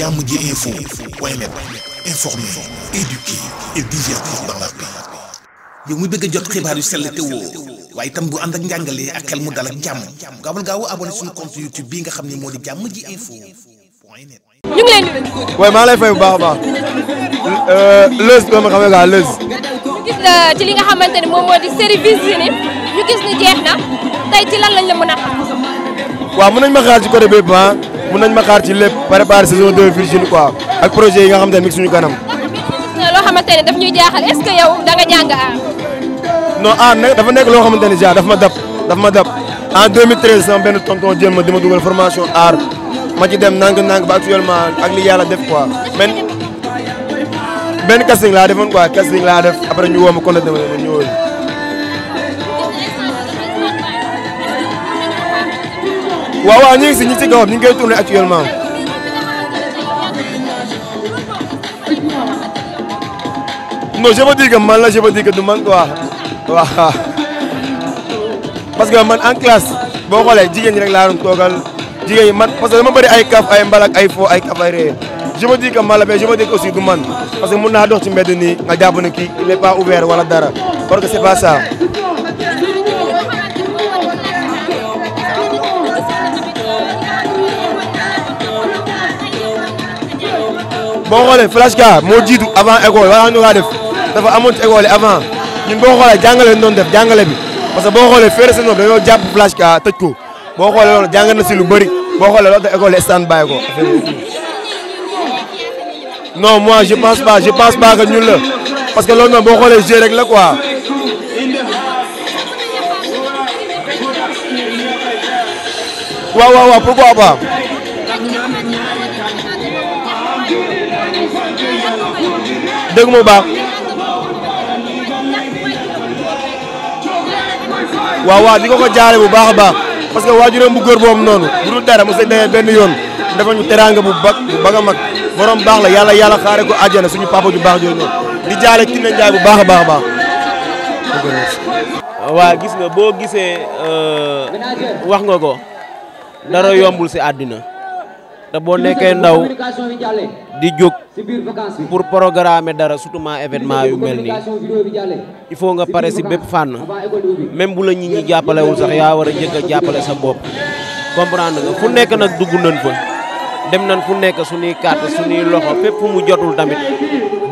jàmm ji info point net informer, éduquer et divertir dans la yow mi bëgg a jot xibaar yu sell te woo waaye itam bu ànd ak njàngalee ak xel mu dal ak jàmm gaawal gaaw abonné suñu compte YouTube bi nga xam ne moo di jàmm ji info. ñu ngi lay nuyu. waaye maa lay fay bu baax a baax. Euh, Leuz doo ma xam ne quoi Leuz. Euh, ci li nga xamante ni moom moo di série Virginie ñu gis ni jeex na tey ci lan lañ la mën a xam. waaw nañ ma xaar ci côté bépp ah. mun nañ ma xaar ci lépp préparer saison 2 Virgin quoi ak projet yi nga xam ne mi ngi suñu kanam. Euh, loo xamante ne daf jaaxal est que yow da nga jàng aar. aar dafa nekk loo xamante ne genre daf ma dab daf ma dab en 2013 sama benn tonton jël ma dama dugal formation aar ma ci dem nang-nang ba actuellement ak li yàlla def ko benn benn casting laa defoon laa def après ñu woo ma kon la demee waawaa waaw si ñu ngi si gawam ñu ngi koy actuellement. non je veux man la je veux dire que man quoi waaw parce que man en classe boo xoolee jigéen ñi rek laa doon toogal jigéen ñi man parce que dama bëri ay kaf ay mbalak ay fo ay kaf ay que la mais je veux dire que parce que mun naa dox ci mbedd nii nga jàpp kii il est pas ouvert wala dara parce que c'est pas boo xoolee Flashka moo jiitu avant école wala ñu kaa def amoon ci école avant ñun boo xoolee jàngale ñu doon def jàngale bi parce que boo xoolee féere saison bi dañoo jàpp Flashka tëj ko boo xoolee loolu jàng na si lu bëri boo xoolee loolu da école yi stand by ko. non moi je pense pas je pense la parce que loolu noonu boo xoolee jeu rek la quoi. waaw waaw waaw pourquoi pas. dégg mu baax waaw waaw di ko ko jaale bu baax a baax parce que waajuram bu góor boobu noonu bu dul dara mos a benn yoon dafañ ñu teraanga bu ba bu mag borom baax la yàlla yàlla xaare ko àjjana suñu papa ju baax jooju di jaale Tine Ndiaye bu baax a baax a baax. waaw gis nga boo gisee euh, wax nga ko dara yombul si àddina te boo nekkee ndaw di jóg pour programmer dara surtout ma événement yu mel nii il faut nga pare si bépp fànn même bu la nit ñi jàppalewul sax yaa war a njëkk a jàppale sa bopp comprendre nga fu nekk nag dugg nañ fa dem nañ fu nekk suñuy carte suñuy loxo fépp fu mu jotul tamit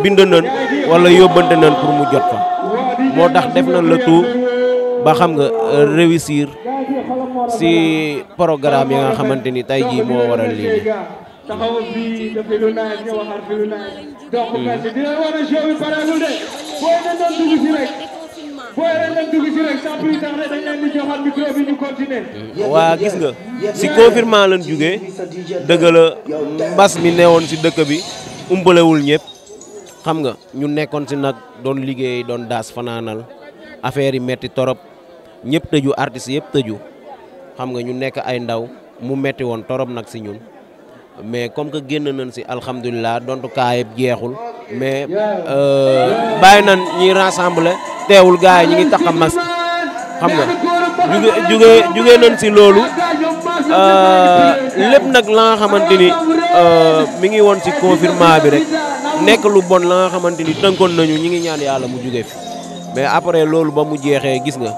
bind nañ wala yóbbante nañ pour mu jot fa moo tax def nañ la tout ba xam nga euh, réussir si programme yi nga xamante ni tey jii moo waral lii taxaw fii dafay lu naaj ñëw waxaat fi lu naaj donc parce que dina war a show bi pareegul de booy dañ doon dugg si rek booy dañ doon dugg si rek sans plus tarder dañ leen di joxaat micro bi ñu continuer waa gis nga si confinement lañ jógee dëgg la mbas mi neewoon si dëkk bi umpalewul ñëpp xam nga ñu nekkoon si nag doon liggéey doon daas fanaanal affaire yi metti torop ñëpp tëju artistes yëpp tëju xam nga ñu nekk ay ndaw mu metti woon torop nag si ñun mais comme que génn nañ si alhamdulilah dontu kaayeb jeexul mais euh, bàyyi nañ ñuy rassemble teewul gars ñi ngi tax a masque xam nga juge juge juge nañ si loolu euh, lépp nag la nga xamante ni euh, mi ngi woon si confinement bi rek nekk lu bon la xamante ni tënkoon nañu ñi ngi ñaan yàlla mu juge fi mais après loolu ba mu jeexee gis nga.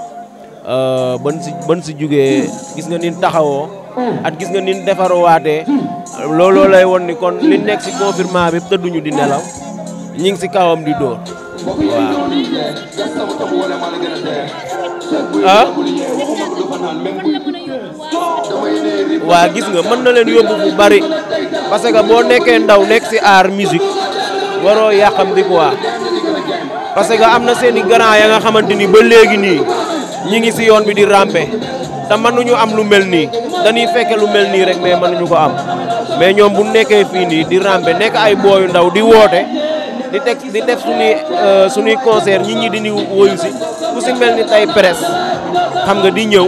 Euh, ban si ban si jugee gis nga nin taxawoo hmm. at gis nga nin defaruwaatee hmm. looloo lay won kon li nekk si confinement bi tëdduñu di nelaw ñi ngi si kawam di dóor waa ah? gis nga mën na leen bari parce que boo nekkee ndaw nekk si aar musique waroo yàqam di quoi parce que am na seen i grand ya xamante ni ba léegi nii ñi ngi si yoon bi di rampe te mënuñu am lu mel nii dañuy fekke lu mel nii rek mais nañu ko am mais ñoom bu nekkee fii nii di rampe nekk ay booyu ndaw di woote di teg di def suñuy euh, suñuy concert ñi ñi di ñu woyu si ku si mel ni tey presse xam nga di ñëw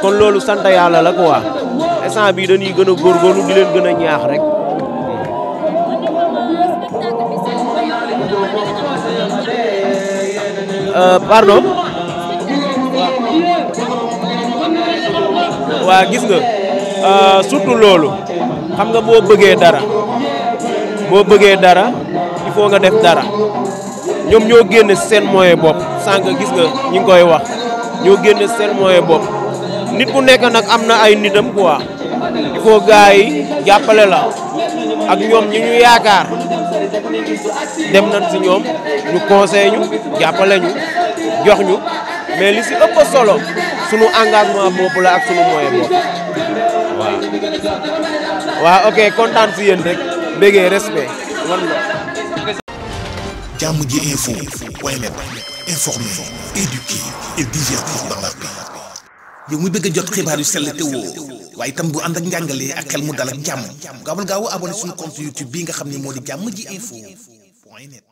kon loolu sant yàlla la quoi instant bii dañuy gën a góorgóorlu di leen gën a ñaax rek. Euh, waa gis nga euh, surtout loolu xam nga boo bëggee dara boo bëggee dara il faut nga def dara ñoom ñoo génne seen moyen bopp sànq gis nga ñi ngi koy wax ñoo génne seen moyen bopp nit ku nekk nag am na ay nitam quoi il faut gars yi jàppale la ak ñoom ñi ñu yaakaar dem na si ñoom ñu conseil ñu jàppale ñu jox ñu mais li si ëpp solo sunu engagement bopp la ak sunu moyen bopp waaw. waaw ok kontaan si yéen rek béggee respect wan la. jàmm ji info waaye nag informer, éduquer et divertir yow mu bëgg a jot xibaar yu sell te waaye itam bu ànd ak njàngalee ak xel mu dal ak jàmm gaawal gaaw abonné suñu compte YouTube bii nga xam ne moo di jàmm ji info point net